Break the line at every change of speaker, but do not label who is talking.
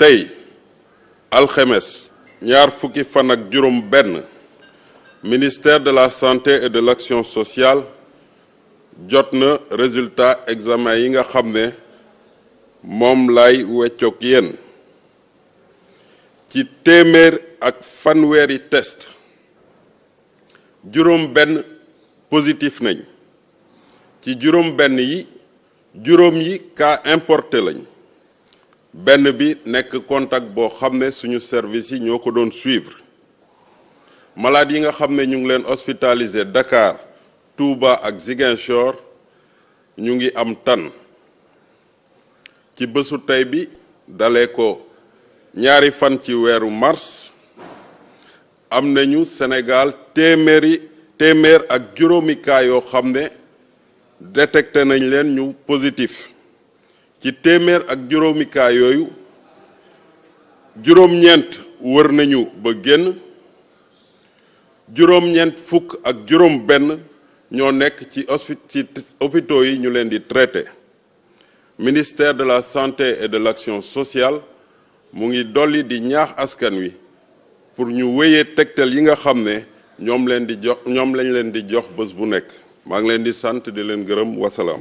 Alchemes, alxemes ñaar fukki fan ministère de la santé et de l'action sociale jotna résultat examen yi nga xamné mom lay wéccok yeen ci test jurum ben positif nañ ci jurum ben yi importé benn bi nekk contact boo xam ne suñu service yi ñoo ko doon suivre malade yi nga xam ne ñu ngi leen hospitalisé Dakar Touba ak Ziguinchor ñu ngi am tan ci bésu tey bi dalee ko ñaari fan ci weeru mars am nañu Sénégal téeméeri téeméer ak juróomi yoo xam ne détecté nañ leen ñu positif ci téeméer ak juróomikaay yooyu juróom-ñeent wër nañu ba génn juróom-ñeent fukk ak juróom benn ñoo nekk ci ci yi ñu leen di traité ministère de la santé et de l'action sociale mu ngi dolli di ñaax askan wi pour ñu wéyee tegtal yi nga xam ne ñoom leen di jox ñoom lañ leen di jox bés bu nekk maa ngi leen di sant di leen gërëm wasalaam